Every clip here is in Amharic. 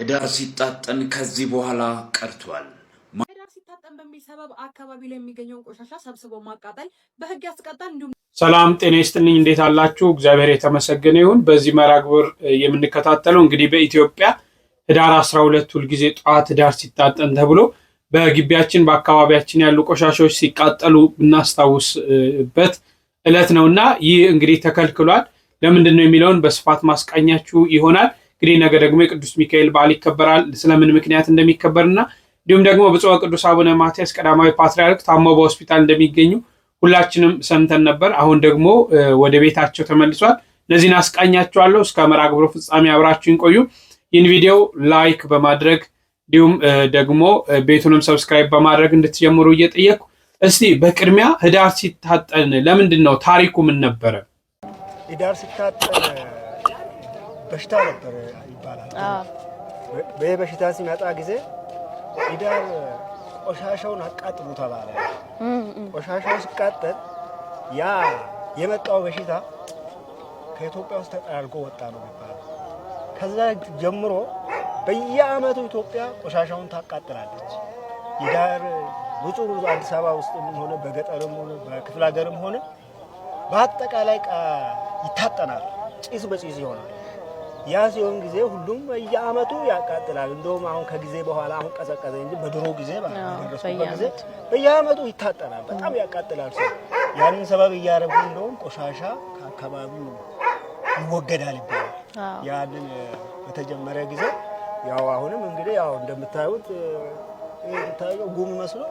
ህዳር ሲጣጠን ከዚህ በኋላ ቀርቷል። ህዳር ሲጣጠን በሚል ሰበብ አካባቢ ላይ የሚገኘውን ቆሻሻ ሰብስቦ ማቃጠል በህግ ያስቀጣል። እንዲሁም ሰላም ጤና ይስጥልኝ። እንዴት አላችሁ? እግዚአብሔር የተመሰገነ ይሁን። በዚህ መርሃ ግብር የምንከታተለው እንግዲህ በኢትዮጵያ ህዳር አስራ ሁለት ሁልጊዜ ጠዋት ህዳር ሲጣጠን ተብሎ በግቢያችን በአካባቢያችን ያሉ ቆሻሻዎች ሲቃጠሉ ብናስታውስበት እለት ነው እና ይህ እንግዲህ ተከልክሏል። ለምንድን ነው የሚለውን በስፋት ማስቃኛችሁ ይሆናል። እንግዲህ ነገ ደግሞ የቅዱስ ሚካኤል በዓል ይከበራል። ስለምን ምክንያት እንደሚከበርና እንዲሁም ደግሞ ብፁዕ ቅዱስ አቡነ ማትያስ ቀዳማዊ ፓትርያርክ ታመው በሆስፒታል እንደሚገኙ ሁላችንም ሰምተን ነበር። አሁን ደግሞ ወደ ቤታቸው ተመልሷል። እነዚህን አስቃኛቸዋለሁ። እስከ መርሐ ግብሩ ፍጻሜ አብራችሁን ቆዩ። ይህን ቪዲዮ ላይክ በማድረግ እንዲሁም ደግሞ ቤቱንም ሰብስክራይብ በማድረግ እንድትጀምሩ እየጠየቅኩ እስቲ በቅድሚያ ህዳር ሲታጠን ለምንድን ነው ታሪኩ ምን ነበረ? ህዳር ሲታጠን በሽታ ነበር ይባላል። ይህ በሽታ ሲመጣ ጊዜ ሂዳር ቆሻሻውን አቃጥሉ ተባለ። ቆሻሻው ሲቃጠል ያ የመጣው በሽታ ከኢትዮጵያ ውስጥ ተጠራርጎ ወጣ ነው ይባላል። ከዛ ጀምሮ በየአመቱ ኢትዮጵያ ቆሻሻውን ታቃጥላለች። ሂዳር ብዙ አዲስ አበባ ውስጥም ሆነ በገጠርም ሆነ በክፍለ ሀገርም ሆነ በአጠቃላይ ይታጠናል። ጭስ በጭስ ይሆናል። ያ ሲሆን ጊዜ ሁሉም በየአመቱ ያቃጥላል። እንደውም አሁን ከጊዜ በኋላ አሁን ቀዘቀዘ እንጂ በድሮ ጊዜ ጊዜ በየአመቱ ይታጠናል፣ በጣም ያቃጥላል። ሰው ያንን ሰበብ እያደረጉ እንደውም ቆሻሻ ከአካባቢው ይወገዳል ይባላል። ያንን በተጀመረ ጊዜ ያው አሁንም እንግዲህ ያው እንደምታዩት ጉም መስሎ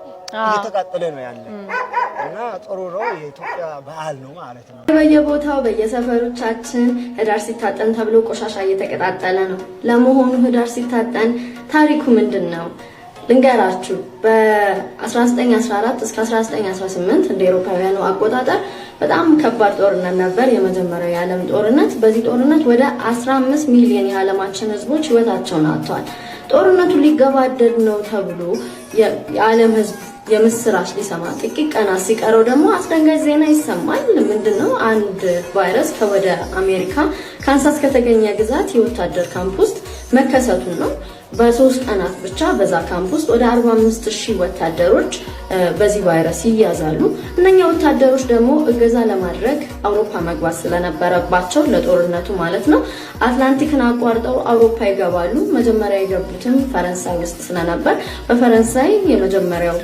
እየተቃጠለ ነው ያለ እና ጥሩ ነው። የኢትዮጵያ በዓል ነው ማለት ነው። በየቦታው በየሰፈሮቻችን ህዳር ሲታጠን ተብሎ ቆሻሻ እየተቀጣጠለ ነው። ለመሆኑ ህዳር ሲታጠን ታሪኩ ምንድን ነው? ልንገራችሁ በ1914 እስከ 1918 እንደ ኤሮፓውያኑ አቆጣጠር በጣም ከባድ ጦርነት ነበር፣ የመጀመሪያው የዓለም ጦርነት። በዚህ ጦርነት ወደ 15 ሚሊዮን የዓለማችን ህዝቦች ህይወታቸውን አጥተዋል። ጦርነቱ ሊገባደድ ነው ተብሎ የዓለም ህዝብ የምስራች ሊሰማ ጥቂት ቀናት ሲቀረው ደግሞ አስደንጋጭ ዜና ይሰማል። ምንድነው? አንድ ቫይረስ ከወደ አሜሪካ ካንሳስ ከተገኘ ግዛት የወታደር ካምፕ ውስጥ መከሰቱን ነው። በሶስት ቀናት ብቻ በዛ ካምፕ ውስጥ ወደ 45 ሺህ ወታደሮች በዚህ ቫይረስ ይያዛሉ። እነኛ ወታደሮች ደግሞ እገዛ ለማድረግ አውሮፓ መግባት ስለነበረባቸው ለጦርነቱ ማለት ነው አትላንቲክን አቋርጠው አውሮፓ ይገባሉ። መጀመሪያ የገቡትም ፈረንሳይ ውስጥ ስለነበር በፈረንሳይ የመጀመሪያው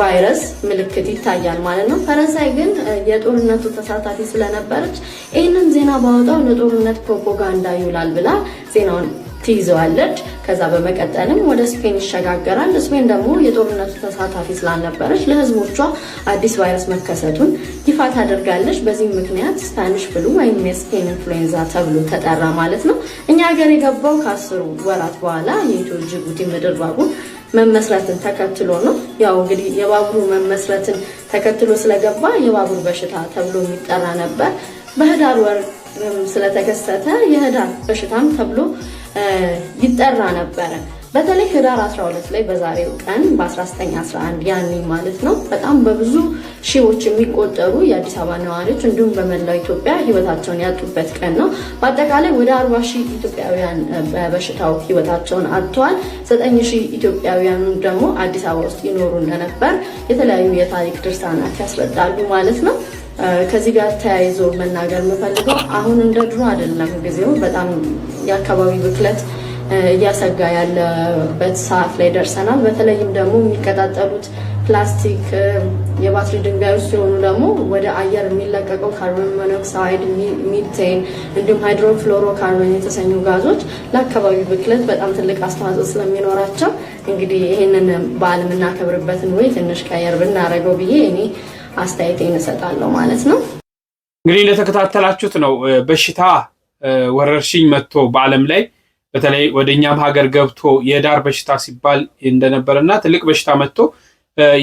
ቫይረስ ምልክት ይታያል ማለት ነው። ፈረንሳይ ግን የጦርነቱ ተሳታፊ ስለነበረች ይህንን ዜና ባወጣው ለጦርነት ፕሮፓጋንዳ ይውላል ብላ ዜናውን ትይዘዋለች። ከዛ በመቀጠልም ወደ ስፔን ይሸጋገራል። ስፔን ደግሞ የጦርነቱ ተሳታፊ ስላልነበረች ለህዝቦቿ አዲስ ቫይረስ መከሰቱን ይፋ ታደርጋለች። በዚህም ምክንያት ስፓኒሽ ፍሉ ወይም የስፔን ኢንፍሉዌንዛ ተብሎ ተጠራ ማለት ነው። እኛ ሀገር የገባው ከአስሩ ወራት በኋላ የኢትዮ ጅቡቲ ምድር ባቡር መመስረትን ተከትሎ ነው። ያው እንግዲህ የባቡሩ መመስረትን ተከትሎ ስለገባ የባቡር በሽታ ተብሎ የሚጠራ ነበር። በህዳር ወር ስለተከሰተ የህዳር በሽታም ተብሎ ይጠራ ነበረ። በተለይ ህዳር 12 ላይ በዛሬው ቀን በ1911 ያኔ ማለት ነው በጣም በብዙ ሺዎች የሚቆጠሩ የአዲስ አበባ ነዋሪዎች እንዲሁም በመላው ኢትዮጵያ ህይወታቸውን ያጡበት ቀን ነው። በአጠቃላይ ወደ 40 ሺህ ኢትዮጵያውያን በበሽታው ህይወታቸውን አጥተዋል። 9 ሺህ ኢትዮጵያውያኑ ደግሞ አዲስ አበባ ውስጥ ይኖሩ እንደነበር የተለያዩ የታሪክ ድርሳናት ያስረዳሉ ማለት ነው። ከዚህ ጋር ተያይዞ መናገር የምፈልገው አሁን እንደ ድሮ አይደለም። ጊዜው በጣም የአካባቢ ብክለት እያሰጋ ያለበት ሰዓት ላይ ደርሰናል። በተለይም ደግሞ የሚቀጣጠሉት ፕላስቲክ የባትሪ ድንጋዮች ሲሆኑ ደግሞ ወደ አየር የሚለቀቀው ካርቦን ሞኖክሳይድ፣ ሚቴን እንዲሁም ሃይድሮፍሎሮ ካርቦን የተሰኙ ጋዞች ለአካባቢ ብክለት በጣም ትልቅ አስተዋጽኦ ስለሚኖራቸው እንግዲህ ይህንን በዓል የምናከብርበትን ወይ ትንሽ ቀየር ብናደርገው ብዬ እኔ አስተያየት እሰጣለሁ ማለት ነው። እንግዲህ እንደተከታተላችሁት ነው በሽታ ወረርሽኝ መጥቶ በዓለም ላይ በተለይ ወደ እኛም ሀገር ገብቶ የዳር በሽታ ሲባል እንደነበረና ትልቅ በሽታ መጥቶ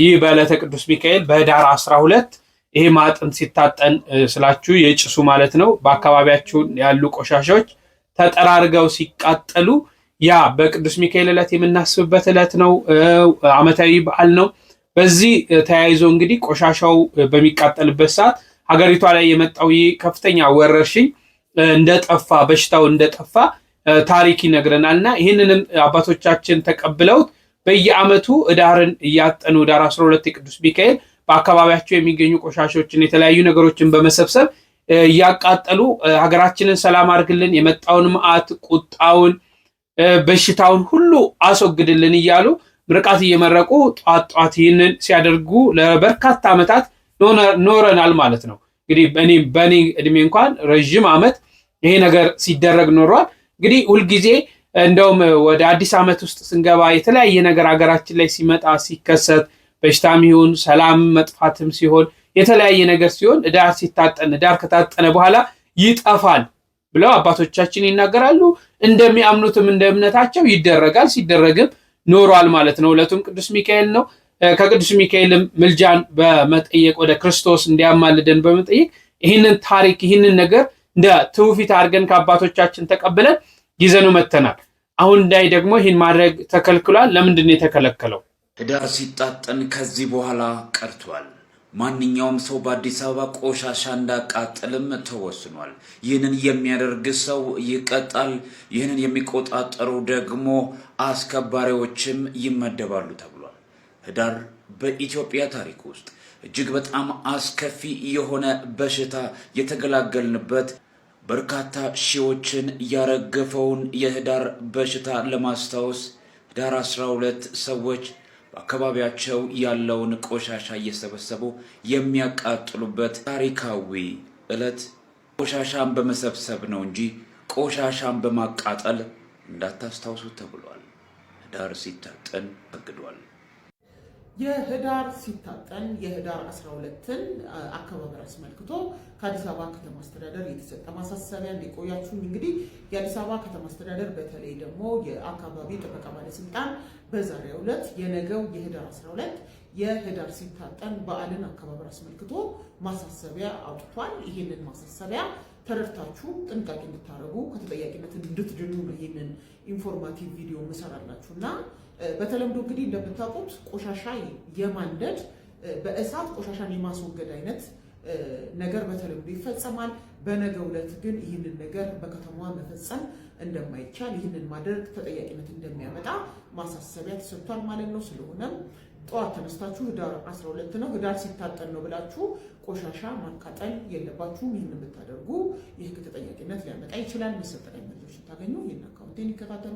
ይህ በዕለተ ቅዱስ ሚካኤል በህዳር 12 ይሄ ማጥን ሲታጠን ስላችሁ የጭሱ ማለት ነው። በአካባቢያችሁ ያሉ ቆሻሻዎች ተጠራርገው ሲቃጠሉ ያ በቅዱስ ሚካኤል ዕለት የምናስብበት ዕለት ነው። ዓመታዊ በዓል ነው። በዚህ ተያይዞ እንግዲህ ቆሻሻው በሚቃጠልበት ሰዓት ሀገሪቷ ላይ የመጣው ይህ ከፍተኛ ወረርሽኝ እንደጠፋ በሽታው እንደጠፋ ታሪክ ይነግረናል እና ይህንንም አባቶቻችን ተቀብለውት በየአመቱ እዳርን እያጠኑ 1 12 የቅዱስ ሚካኤል በአካባቢያቸው የሚገኙ ቆሻሾችን የተለያዩ ነገሮችን በመሰብሰብ እያቃጠሉ ሀገራችንን ሰላም አድርግልን፣ የመጣውን መዓት፣ ቁጣውን፣ በሽታውን ሁሉ አስወግድልን እያሉ ምርቃት እየመረቁ ጧት ጧት ይህንን ሲያደርጉ ለበርካታ ዓመታት ኖረናል ማለት ነው። እንግዲህ በእኔ እድሜ እንኳን ረዥም ዓመት ይሄ ነገር ሲደረግ ኖሯል። እንግዲህ ሁልጊዜ እንደውም ወደ አዲስ ዓመት ውስጥ ስንገባ የተለያየ ነገር ሀገራችን ላይ ሲመጣ ሲከሰት በሽታም ይሁን ሰላም መጥፋትም ሲሆን የተለያየ ነገር ሲሆን ዳር ሲታጠን ዳር ከታጠነ በኋላ ይጠፋል ብለው አባቶቻችን ይናገራሉ። እንደሚያምኑትም እንደ እምነታቸው ይደረጋል፣ ሲደረግም ኖሯል ማለት ነው። ዕለቱም ቅዱስ ሚካኤል ነው። ከቅዱስ ሚካኤልም ምልጃን በመጠየቅ ወደ ክርስቶስ እንዲያማልደን በመጠየቅ ይህንን ታሪክ ይህንን ነገር እንደ ትውፊት አድርገን ከአባቶቻችን ተቀብለን ይዘኑ መተናል። አሁን ላይ ደግሞ ይህን ማድረግ ተከልክሏል። ለምንድን ነው የተከለከለው? ህዳር ሲጣጠን ከዚህ በኋላ ቀርቷል። ማንኛውም ሰው በአዲስ አበባ ቆሻሻ እንዳቃጥልም ተወስኗል። ይህንን የሚያደርግ ሰው ይቀጣል። ይህንን የሚቆጣጠሩ ደግሞ አስከባሪዎችም ይመደባሉ ተብሏል። ህዳር በኢትዮጵያ ታሪክ ውስጥ እጅግ በጣም አስከፊ የሆነ በሽታ የተገላገልንበት በርካታ ሺዎችን ያረገፈውን የህዳር በሽታ ለማስታወስ ህዳር 12 ሰዎች በአካባቢያቸው ያለውን ቆሻሻ እየሰበሰቡ የሚያቃጥሉበት ታሪካዊ ዕለት ቆሻሻን በመሰብሰብ ነው እንጂ ቆሻሻን በማቃጠል እንዳታስታውሱ ተብሏል። ህዳር ሲታጠን ተግዷል። የህዳር ሲታጠን የህዳር 12ን አከባበር አስመልክቶ ከአዲስ አበባ ከተማ አስተዳደር የተሰጠ ማሳሰቢያ እንዲቆያችሁ። እንግዲህ የአዲስ አበባ ከተማ አስተዳደር በተለይ ደግሞ የአካባቢ ጥበቃ ባለስልጣን በዛሬው ዕለት የነገው የህዳር 12 የህዳር ሲታጠን በዓልን አከባበር አስመልክቶ ማሳሰቢያ አውጥቷል። ይህንን ማሳሰቢያ ተረድታችሁ ጥንቃቄ እንድታደርጉ ከተጠያቂነት እንድትድኑ ነው ይህንን ኢንፎርማቲቭ ቪዲዮ መሰራላችሁ እና በተለምዶ እንግዲህ እንደምታውቁት ቆሻሻ የማንደድ በእሳት ቆሻሻን የማስወገድ አይነት ነገር በተለምዶ ይፈጸማል። በነገ ዕለት ግን ይህንን ነገር በከተማዋ መፈጸም እንደማይቻል ይህንን ማድረግ ተጠያቂነት እንደሚያመጣ ማሳሰቢያ ተሰጥቷል ማለት ነው። ስለሆነም ጠዋት ተነስታችሁ ህዳር 12 ነው ህዳር ሲታጠን ነው ብላችሁ ቆሻሻ ማቃጠል የለባችሁም። ይህን የምታደርጉ የህግ ተጠያቂነት ሊያመጣ ይችላል። መሰጠ መረጃዎች ስታገኙ ይህን አካውንቴን ይከታተሉ።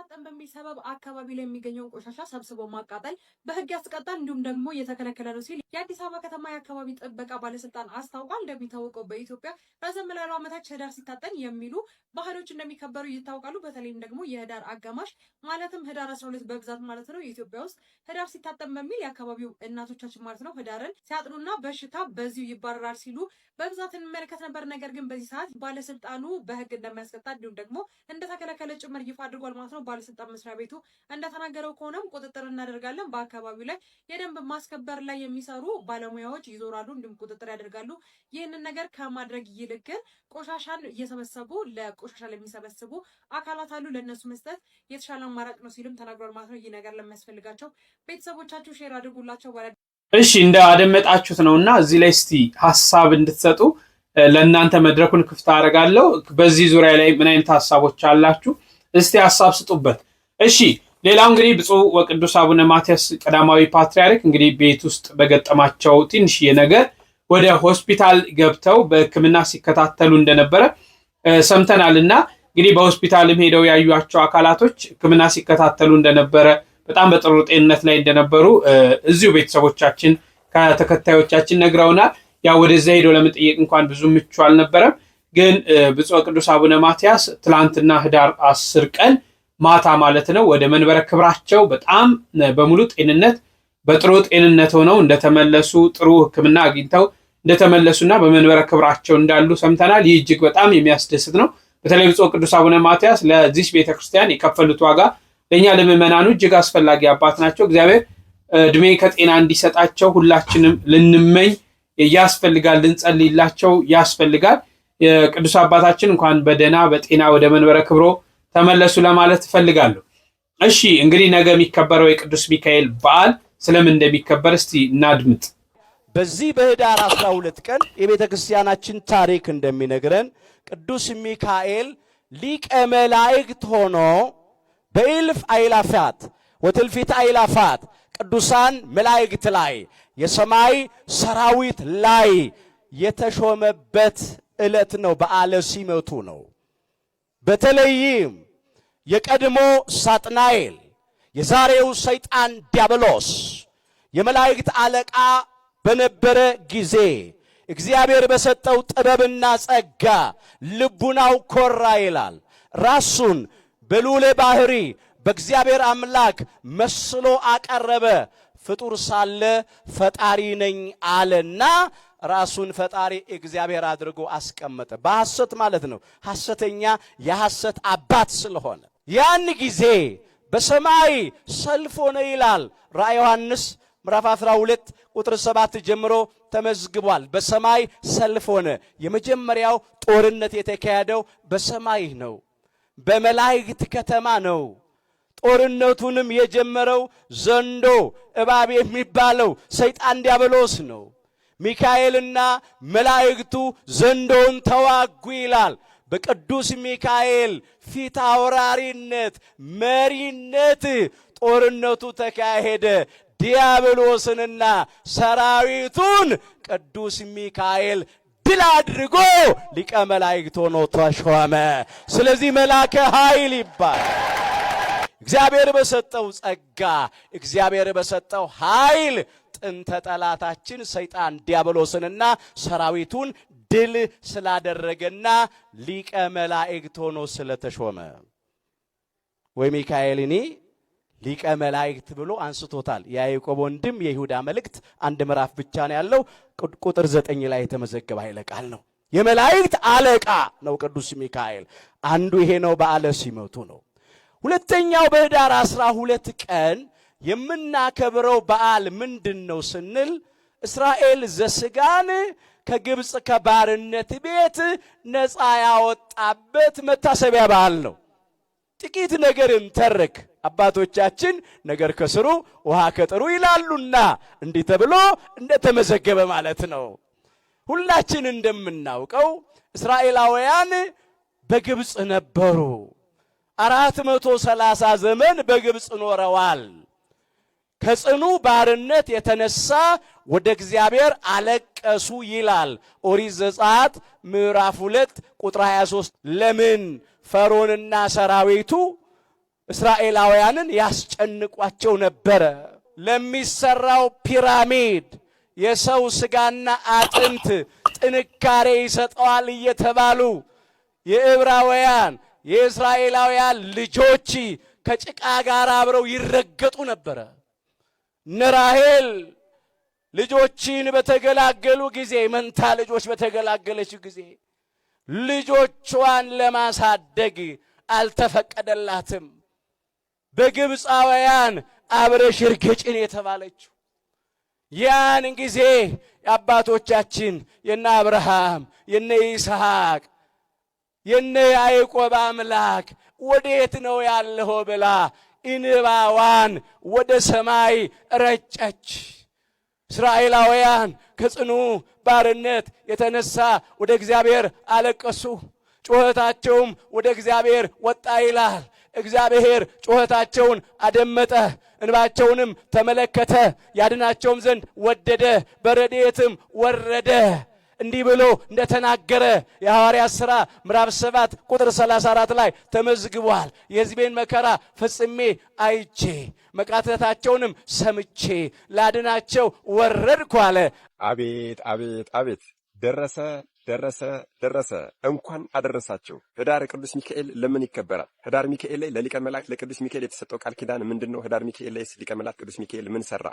አይታጠም በሚል ሰበብ አካባቢ ላይ የሚገኘውን ቆሻሻ ሰብስቦ ማቃጠል በህግ ያስቀጣል እንዲሁም ደግሞ እየተከለከለ ነው ሲል የአዲስ አበባ ከተማ የአካባቢ ጥበቃ ባለስልጣን አስታውቋል። እንደሚታወቀው በኢትዮጵያ ረዘም ላሉ ዓመታት ህዳር ሲታጠን የሚሉ ባህሎች እንደሚከበሩ ይታወቃሉ። በተለይም ደግሞ የህዳር አጋማሽ ማለትም ህዳር 12 በብዛት ማለት ነው ኢትዮጵያ ውስጥ ህዳር ሲታጠን በሚል የአካባቢው እናቶቻችን ማለት ነው ህዳርን ሲያጥኑና በሽታ በዚሁ ይባረራል ሲሉ በብዛት እንመለከት ነበር። ነገር ግን በዚህ ሰዓት ባለስልጣኑ በህግ እንደሚያስቀጣ እንዲሁም ደግሞ እንደተከለከለ ጭምር ይፋ አድርጓል ማለት ነው። ባለስልጣን መስሪያ ቤቱ እንደተናገረው ከሆነም ቁጥጥር እናደርጋለን። በአካባቢው ላይ የደንብ ማስከበር ላይ የሚሰሩ ባለሙያዎች ይዞራሉ፣ እንዲሁም ቁጥጥር ያደርጋሉ። ይህንን ነገር ከማድረግ ይልቅን ቆሻሻን እየሰበሰቡ ለቆሻሻ ለሚሰበስቡ አካላት አሉ፣ ለእነሱ መስጠት የተሻለ አማራጭ ነው ሲልም ተናግሯል ማለት ነው። ይህ ነገር ለሚያስፈልጋቸው ቤተሰቦቻችሁ ሼር አድርጉላቸው። እሺ እንደ ነው እና እዚህ ላይ እስቲ ሀሳብ እንድትሰጡ ለእናንተ መድረኩን ክፍት አደርጋለሁ። በዚህ ዙሪያ ላይ ምን አይነት ሀሳቦች አላችሁ? እስቲ ሀሳብ ስጡበት። እሺ ሌላው እንግዲህ ብፁዕ ወቅዱስ አቡነ ማትያስ ቀዳማዊ ፓትርያርክ እንግዲህ ቤት ውስጥ በገጠማቸው ትንሽዬ ነገር ወደ ሆስፒታል ገብተው በሕክምና ሲከታተሉ እንደነበረ ሰምተናል እና እንግዲህ በሆስፒታልም ሄደው ያዩቸው አካላቶች ሕክምና ሲከታተሉ እንደነበረ በጣም በጥሩ ጤንነት ላይ እንደነበሩ እዚሁ ቤተሰቦቻችን ከተከታዮቻችን ነግረውናል። ያው ወደዚያ ሄዶ ለመጠየቅ እንኳን ብዙ ምቹ አልነበረም። ግን ብፁዕ ቅዱስ አቡነ ማትያስ ትላንትና ህዳር አስር ቀን ማታ ማለት ነው ወደ መንበረ ክብራቸው በጣም በሙሉ ጤንነት በጥሩ ጤንነት ሆነው እንደተመለሱ ጥሩ ሕክምና አግኝተው እንደተመለሱና በመንበረ ክብራቸው እንዳሉ ሰምተናል። ይህ እጅግ በጣም የሚያስደስት ነው። በተለይ ብፁዕ ቅዱስ አቡነ ማትያስ ለዚህ ቤተክርስቲያን የከፈሉት ዋጋ ለእኛ ለምእመናኑ እጅግ አስፈላጊ አባት ናቸው። እግዚአብሔር እድሜ ከጤና እንዲሰጣቸው ሁላችንም ልንመኝ ያስፈልጋል፣ ልንጸልይላቸው ያስፈልጋል። የቅዱስ አባታችን እንኳን በደህና በጤና ወደ መንበረ ክብሮ ተመለሱ ለማለት እፈልጋለሁ። እሺ እንግዲህ ነገ የሚከበረው የቅዱስ ሚካኤል በዓል ስለምን እንደሚከበር እስቲ እናድምጥ። በዚህ በህዳር 12 ቀን የቤተ ክርስቲያናችን ታሪክ እንደሚነግረን ቅዱስ ሚካኤል ሊቀ መላእክት ሆኖ በእልፍ አይላፋት ወትልፊት አይላፋት ቅዱሳን መላእክት ላይ የሰማይ ሰራዊት ላይ የተሾመበት ዕለት ነው፣ በዓለ ሲመቱ ነው። በተለይም የቀድሞ ሳጥናኤል የዛሬው ሰይጣን ዲያብሎስ የመላእክት አለቃ በነበረ ጊዜ እግዚአብሔር በሰጠው ጥበብና ጸጋ ልቡናው ኮራ ይላል። ራሱን በልዑለ ባህሪ በእግዚአብሔር አምላክ መስሎ አቀረበ። ፍጡር ሳለ ፈጣሪ ነኝ አለና ራሱን ፈጣሪ እግዚአብሔር አድርጎ አስቀመጠ። በሐሰት ማለት ነው። ሐሰተኛ የሐሰት አባት ስለሆነ ያን ጊዜ በሰማይ ሰልፍ ሆነ ይላል ራእይ ዮሐንስ ምዕራፍ 12 ቁጥር 7 ጀምሮ ተመዝግቧል። በሰማይ ሰልፍ ሆነ። የመጀመሪያው ጦርነት የተካሄደው በሰማይ ነው፣ በመላእክት ከተማ ነው። ጦርነቱንም የጀመረው ዘንዶ እባብ የሚባለው ሰይጣን ዲያብሎስ ነው። ሚካኤልና መላእክቱ ዘንዶውን ተዋጉ ይላል። በቅዱስ ሚካኤል ፊት አውራሪነት መሪነት ጦርነቱ ተካሄደ። ዲያብሎስንና ሰራዊቱን ቅዱስ ሚካኤል ድል አድርጎ ሊቀ መላእክት ሆኖ ተሾመ። ስለዚህ መላከ ኃይል ይባል። እግዚአብሔር በሰጠው ጸጋ፣ እግዚአብሔር በሰጠው ኃይል ጥንተ ጠላታችን ሰይጣን ዲያብሎስንና ሰራዊቱን ድል ስላደረገና ሊቀ መላእክት ሆኖ ስለተሾመ ወይ ሚካኤል እኔ ሊቀ መላእክት ብሎ አንስቶታል። የያዕቆብ ወንድም የይሁዳ መልእክት አንድ ምዕራፍ ብቻ ነው ያለው። ቁጥር ዘጠኝ ላይ የተመዘገበ ኃይለ ቃል ነው። የመላእክት አለቃ ነው ቅዱስ ሚካኤል። አንዱ ይሄ ነው፣ በዓለ ሲመቱ ነው። ሁለተኛው በኅዳር አስራ ሁለት ቀን የምናከብረው በዓል ምንድን ነው ስንል እስራኤል ዘስጋን ከግብፅ ከባርነት ቤት ነፃ ያወጣበት መታሰቢያ በዓል ነው። ጥቂት ነገር እንተርክ። አባቶቻችን ነገር ከስሩ ውሃ ከጥሩ ይላሉና እንዲህ ተብሎ እንደተመዘገበ ማለት ነው። ሁላችን እንደምናውቀው እስራኤላውያን በግብፅ ነበሩ። አራት መቶ ሰላሳ ዘመን በግብፅ ኖረዋል። ከጽኑ ባርነት የተነሳ ወደ እግዚአብሔር አለቀሱ ይላል ኦሪት ዘጸአት ምዕራፍ 2 ቁጥር 23። ለምን ፈርዖንና ሰራዊቱ እስራኤላውያንን ያስጨንቋቸው ነበረ? ለሚሰራው ፒራሚድ የሰው ስጋና አጥንት ጥንካሬ ይሰጠዋል እየተባሉ የዕብራውያን የእስራኤላውያን ልጆች ከጭቃ ጋር አብረው ይረገጡ ነበረ። ንራሄል ልጆችን በተገላገሉ ጊዜ መንታ ልጆች በተገላገለች ጊዜ ልጆቿን ለማሳደግ አልተፈቀደላትም። በግብፃውያን አብረሽ እርግጭን የተባለችው ያን ጊዜ የአባቶቻችን የነ አብርሃም የነ ይስሐቅ የነ ያዕቆብ አምላክ ወዴት ነው ያለሆ ብላ እንባዋን ወደ ሰማይ ረጨች። እስራኤላውያን ከጽኑ ባርነት የተነሳ ወደ እግዚአብሔር አለቀሱ፣ ጩኸታቸውም ወደ እግዚአብሔር ወጣ ይላል። እግዚአብሔር ጩኸታቸውን አደመጠ፣ እንባቸውንም ተመለከተ፣ ያድናቸውም ዘንድ ወደደ፣ በረድኤትም ወረደ። እንዲህ ብሎ እንደተናገረ የሐዋርያ ሥራ ምዕራፍ 7 ቁጥር 34 ላይ ተመዝግቧል። የሕዝቤን መከራ ፈጽሜ አይቼ መቃተታቸውንም ሰምቼ ላድናቸው ወረድኩ አለ። አቤት አቤት አቤት ደረሰ ደረሰ ደረሰ። እንኳን አደረሳቸው። ህዳር ቅዱስ ሚካኤል ለምን ይከበራል? ህዳር ሚካኤል ላይ ለሊቀ መላእክት ለቅዱስ ሚካኤል የተሰጠው ቃል ኪዳን ምንድን ነው? ህዳር ሚካኤል ላይስ ሊቀ መላእክት ቅዱስ ሚካኤል ምን ሰራ?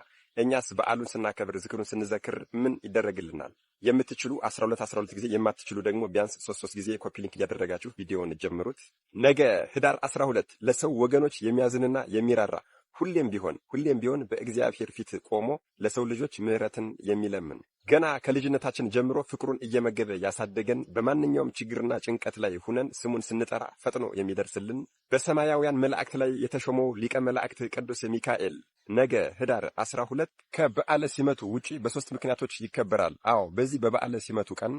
እኛስ በዓሉን ስናከብር ዝክሩን ስንዘክር ምን ይደረግልናል? የምትችሉ 12 12 ጊዜ የማትችሉ ደግሞ ቢያንስ 3 3 ጊዜ ኮፒ ሊንክ እያደረጋችሁ ቪዲዮውን ጀምሩት። ነገ ህዳር 12 ለሰው ወገኖች የሚያዝንና የሚራራ ሁሌም ቢሆን ሁሌም ቢሆን በእግዚአብሔር ፊት ቆሞ ለሰው ልጆች ምሕረትን የሚለምን ገና ከልጅነታችን ጀምሮ ፍቅሩን እየመገበ ያሳደገን በማንኛውም ችግርና ጭንቀት ላይ ሁነን ስሙን ስንጠራ ፈጥኖ የሚደርስልን በሰማያውያን መላእክት ላይ የተሾመው ሊቀ መላእክት ቅዱስ ሚካኤል ነገ ህዳር 12 ከበዓለ ሲመቱ ውጪ በሶስት ምክንያቶች ይከበራል። አዎ በዚህ በበዓለ ሲመቱ ቀን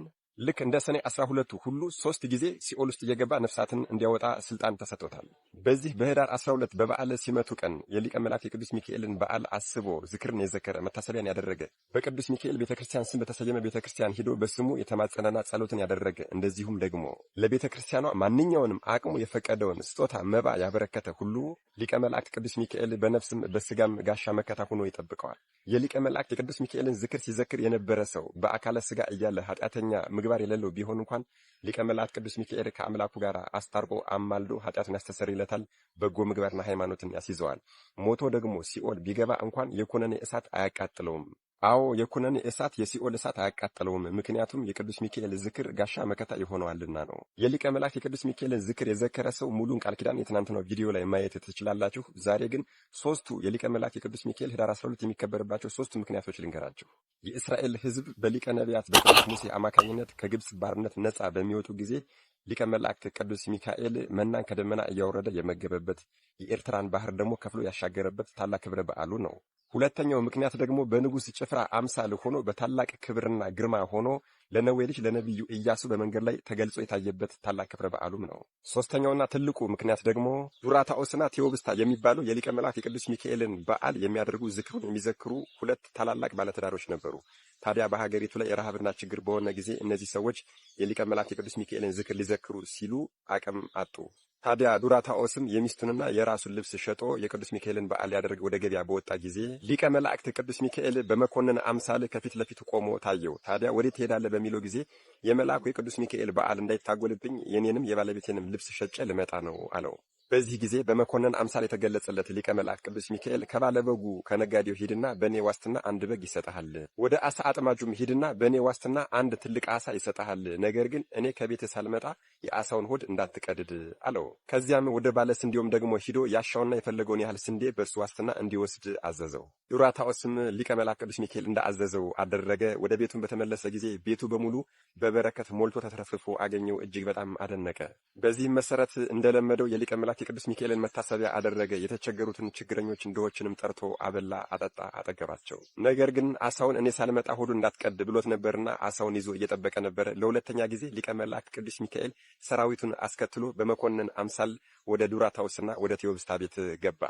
ልክ እንደ ሰኔ አስራ ሁለቱ ሁሉ ሶስት ጊዜ ሲኦል ውስጥ እየገባ ነፍሳትን እንዲያወጣ ስልጣን ተሰጥቶታል። በዚህ በህዳር 12 በበዓለ ሲመቱ ቀን የሊቀ መላእክት የቅዱስ ሚካኤልን በዓል አስቦ ዝክርን የዘከረ መታሰቢያን ያደረገ በቅዱስ ሚካኤል ቤተ ክርስቲያን ስም በተሰየመ ቤተ ክርስቲያን ሂዶ በስሙ የተማጸነና ጸሎትን ያደረገ እንደዚሁም ደግሞ ለቤተ ክርስቲያኗ ማንኛውንም አቅሙ የፈቀደውን ስጦታ መባ ያበረከተ ሁሉ ሊቀ መላእክት ቅዱስ ሚካኤል በነፍስም በስጋም ጋሻ መከታ ሆኖ ይጠብቀዋል። የሊቀ መላእክት የቅዱስ ሚካኤልን ዝክር ሲዘክር የነበረ ሰው በአካለ ስጋ እያለ ኃጢአተኛ ምግብ ምግባር የሌለው ቢሆን እንኳን ሊቀ መላእክት ቅዱስ ሚካኤል ከአምላኩ ጋር አስታርቆ አማልዶ ኃጢአትን ያስተሰርይለታል፣ በጎ ምግባርና ሃይማኖትን ያስይዘዋል። ሞቶ ደግሞ ሲኦል ቢገባ እንኳን የኮነኔ እሳት አያቃጥለውም። አዎ የኩነን እሳት የሲኦል እሳት አያቃጠለውም። ምክንያቱም የቅዱስ ሚካኤል ዝክር ጋሻ መከታ የሆነዋልና ነው። የሊቀ መላእክት የቅዱስ ሚካኤልን ዝክር የዘከረ ሰው ሙሉን ቃል ኪዳን የትናንትናው ቪዲዮ ላይ ማየት ትችላላችሁ። ዛሬ ግን ሶስቱ የሊቀ መላእክት የቅዱስ ሚካኤል ህዳር 12 የሚከበርባቸው ሶስቱ ምክንያቶች ልንገራችሁ። የእስራኤል ህዝብ በሊቀ ነቢያት በቅዱስ ሙሴ አማካኝነት ከግብፅ ባርነት ነፃ በሚወጡ ጊዜ ሊቀ መላእክት ቅዱስ ሚካኤል መናን ከደመና እያወረደ የመገበበት የኤርትራን ባህር ደግሞ ከፍሎ ያሻገረበት ታላቅ ክብረ በዓሉ ነው። ሁለተኛው ምክንያት ደግሞ በንጉሥ ጭፍራ አምሳል ሆኖ በታላቅ ክብርና ግርማ ሆኖ ለነዌ ልጅ ለነቢዩ ኢያሱ በመንገድ ላይ ተገልጾ የታየበት ታላቅ ክብረ በዓሉም ነው። ሦስተኛውና ትልቁ ምክንያት ደግሞ ዱራታኦስና ቴዎብስታ የሚባለው የሊቀ መልአክ የቅዱስ ሚካኤልን በዓል የሚያደርጉ ዝክሩን የሚዘክሩ ሁለት ታላላቅ ባለትዳሮች ነበሩ። ታዲያ በሀገሪቱ ላይ የረሃብና ችግር በሆነ ጊዜ እነዚህ ሰዎች የሊቀ መልአክ የቅዱስ ሚካኤልን ዝክር ሊዘክሩ ሲሉ አቅም አጡ። ታዲያ ዱራታኦስም የሚስቱንና የራሱን ልብስ ሸጦ የቅዱስ ሚካኤልን በዓል ሊያደርግ ወደ ገበያ በወጣ ጊዜ ሊቀ መላእክት ቅዱስ ሚካኤል በመኮንን አምሳል ከፊት ለፊቱ ቆሞ ታየው። ታዲያ ወዴት ትሄዳለህ በሚለው ጊዜ የመልአኩ የቅዱስ ሚካኤል በዓል እንዳይታጎልብኝ የኔንም የባለቤቴንም ልብስ ሸጬ ልመጣ ነው አለው። በዚህ ጊዜ በመኮንን አምሳል የተገለጸለት ሊቀ መልአክ ቅዱስ ሚካኤል ከባለበጉ ከነጋዴው ሂድና በእኔ ዋስትና አንድ በግ ይሰጠሃል፣ ወደ አሳ አጥማጁም ሂድና በእኔ ዋስትና አንድ ትልቅ አሳ ይሰጠሃል፣ ነገር ግን እኔ ከቤት ሳልመጣ የአሳውን ሆድ እንዳትቀድድ አለው። ከዚያም ወደ ባለ ስንዴውም ደግሞ ሂዶ ያሻውና የፈለገውን ያህል ስንዴ በእርሱ ዋስትና እንዲወስድ አዘዘው። ዩራታኦስም ሊቀ መልአክ ቅዱስ ሚካኤል እንዳዘዘው አደረገ። ወደ ቤቱን በተመለሰ ጊዜ ቤቱ በሙሉ በበረከት ሞልቶ ተትረፍርፎ አገኘው። እጅግ በጣም አደነቀ። በዚህም መሰረት እንደለመደው የሊቀ መልአክ የቅዱስ ሚካኤልን መታሰቢያ አደረገ። የተቸገሩትን ችግረኞች ድሆችንም ጠርቶ አበላ፣ አጠጣ፣ አጠገባቸው። ነገር ግን አሳውን እኔ ሳልመጣ ሆዱ እንዳትቀድ ብሎት ነበርና አሳውን ይዞ እየጠበቀ ነበር። ለሁለተኛ ጊዜ ሊቀ መላእክት ቅዱስ ሚካኤል ሰራዊቱን አስከትሎ በመኮንን አምሳል ወደ ዱራታውስና ወደ ቴዎብስታ ቤት ገባ።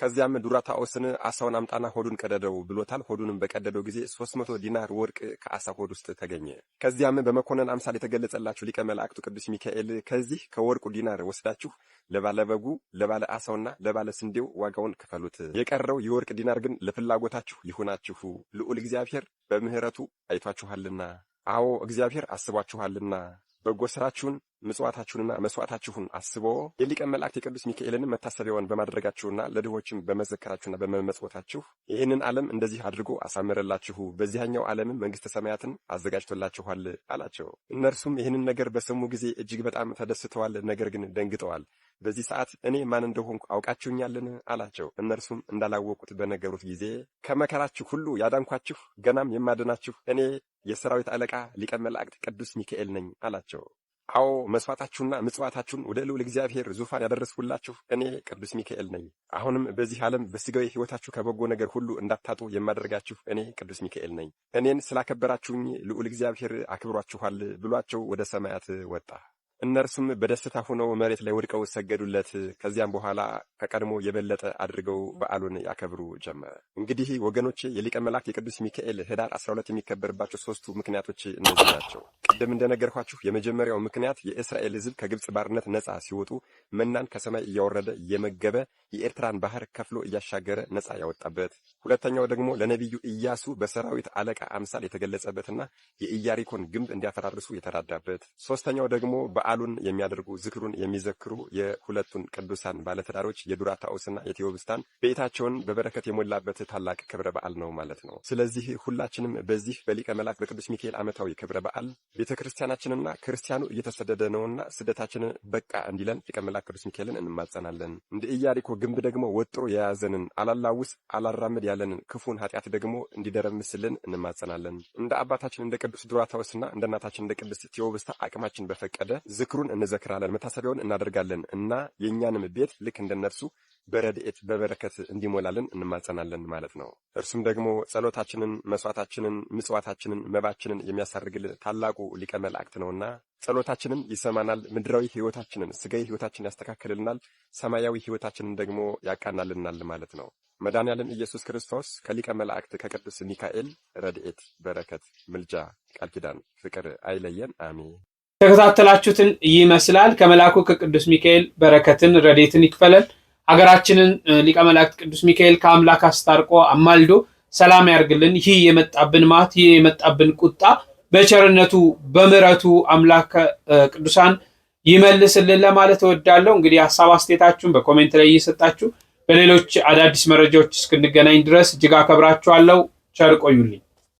ከዚያም ዱራታኦስን አሳውን አምጣና ሆዱን ቀደደው ብሎታል። ሆዱንም በቀደደው ጊዜ 300 ዲናር ወርቅ ከአሳ ሆድ ውስጥ ተገኘ። ከዚያም በመኮንን አምሳል የተገለጸላችሁ ሊቀ መላእክቱ ቅዱስ ሚካኤል ከዚህ ከወርቁ ዲናር ወስዳችሁ ለባለ በጉ፣ ለባለ አሳውና ለባለ ስንዴው ዋጋውን ክፈሉት። የቀረው የወርቅ ዲናር ግን ለፍላጎታችሁ ይሁናችሁ፣ ልዑል እግዚአብሔር በምሕረቱ አይቷችኋልና። አዎ እግዚአብሔር አስቧችኋልና በጎ ስራችሁን ምጽዋታችሁንና መስዋዕታችሁን አስቦ የሊቀ መላእክት የቅዱስ ሚካኤልንም መታሰቢያውን በማድረጋችሁና ለድሆችም በመዘከራችሁና በመመጽወታችሁ ይህንን ዓለም እንደዚህ አድርጎ አሳምረላችሁ በዚያኛው ዓለምም መንግሥተ ሰማያትን አዘጋጅቶላችኋል አላቸው። እነርሱም ይህንን ነገር በሰሙ ጊዜ እጅግ በጣም ተደስተዋል፣ ነገር ግን ደንግጠዋል። በዚህ ሰዓት እኔ ማን እንደሆንኩ አውቃችሁኛልን? አላቸው። እነርሱም እንዳላወቁት በነገሩት ጊዜ ከመከራችሁ ሁሉ ያዳንኳችሁ ገናም የማድናችሁ እኔ የሰራዊት አለቃ ሊቀ መላእክት ቅዱስ ሚካኤል ነኝ አላቸው። አዎ መስዋዕታችሁና ምጽዋታችሁን ወደ ልዑል እግዚአብሔር ዙፋን ያደረስኩላችሁ እኔ ቅዱስ ሚካኤል ነኝ። አሁንም በዚህ ዓለም በሥጋዊ ሕይወታችሁ ከበጎ ነገር ሁሉ እንዳታጡ የማደርጋችሁ እኔ ቅዱስ ሚካኤል ነኝ። እኔን ስላከበራችሁኝ ልዑል እግዚአብሔር አክብሯችኋል ብሏቸው ወደ ሰማያት ወጣ። እነርሱም በደስታ ሆነው መሬት ላይ ወድቀው ሰገዱለት። ከዚያም በኋላ ከቀድሞ የበለጠ አድርገው በዓሉን ያከብሩ ጀመረ። እንግዲህ ወገኖቼ የሊቀ መልአክ የቅዱስ ሚካኤል ህዳር 12 የሚከበርባቸው ሶስቱ ምክንያቶች እነዚህ ናቸው። ቅድም እንደነገርኳችሁ የመጀመሪያው ምክንያት የእስራኤል ህዝብ ከግብፅ ባርነት ነፃ ሲወጡ መናን ከሰማይ እያወረደ እየመገበ የኤርትራን ባህር ከፍሎ እያሻገረ ነፃ ያወጣበት፣ ሁለተኛው ደግሞ ለነቢዩ ኢያሱ በሰራዊት አለቃ አምሳል የተገለጸበትና የኢያሪኮን ግንብ እንዲያፈራርሱ የተራዳበት፣ ሶስተኛው ደግሞ በ በዓሉን የሚያደርጉ ዝክሩን የሚዘክሩ የሁለቱን ቅዱሳን ባለትዳሮች የዱራታውስና የቴዎብስታን ቤታቸውን በበረከት የሞላበት ታላቅ ክብረ በዓል ነው ማለት ነው። ስለዚህ ሁላችንም በዚህ በሊቀ መላክ በቅዱስ ሚካኤል ዓመታዊ ክብረ በዓል ቤተ ክርስቲያናችንና ክርስቲያኑ እየተሰደደ ነውና ስደታችን በቃ እንዲለን ሊቀ መልአክ ቅዱስ ሚካኤልን እንማጸናለን። እንደ ኢያሪኮ ግንብ ደግሞ ወጥሮ የያዘንን አላላውስ አላራምድ ያለንን ክፉን ኃጢአት ደግሞ እንዲደረምስልን እንማጸናለን። እንደ አባታችን እንደ ቅዱስ ዱራታውስና እንደ እናታችን እንደ ቅዱስ ቴዎብስታ አቅማችን በፈቀደ ዝክሩን እንዘክራለን፣ መታሰቢያውን እናደርጋለን እና የእኛንም ቤት ልክ እንደነርሱ በረድኤት በበረከት እንዲሞላልን እንማጸናለን ማለት ነው። እርሱም ደግሞ ጸሎታችንን፣ መስዋዕታችንን፣ ምጽዋታችንን፣ መባችንን የሚያሳርግልን ታላቁ ሊቀ መላእክት ነውና ጸሎታችንን ይሰማናል። ምድራዊ ሕይወታችንን ስጋዊ ሕይወታችንን ያስተካክልልናል ሰማያዊ ሕይወታችንን ደግሞ ያቃናልናል ማለት ነው። መድኃኔዓለም ኢየሱስ ክርስቶስ ከሊቀ መላእክት ከቅዱስ ሚካኤል ረድኤት፣ በረከት፣ ምልጃ፣ ቃል ኪዳን፣ ፍቅር አይለየን። አሜን። ተከታተላችሁትን ይመስላል። ከመላኩ ከቅዱስ ሚካኤል በረከትን ረዴትን ይክፈለን። ሀገራችንን ሊቀ መላእክት ቅዱስ ሚካኤል ከአምላክ አስታርቆ አማልዶ ሰላም ያርግልን። ይህ የመጣብን ማት ይህ የመጣብን ቁጣ በቸርነቱ በምሕረቱ አምላክ ቅዱሳን ይመልስልን ለማለት እወዳለሁ። እንግዲህ ሀሳብ አስተያየታችሁን በኮሜንት ላይ እየሰጣችሁ በሌሎች አዳዲስ መረጃዎች እስክንገናኝ ድረስ እጅግ አከብራችኋለሁ። ቸር ቆዩልኝ።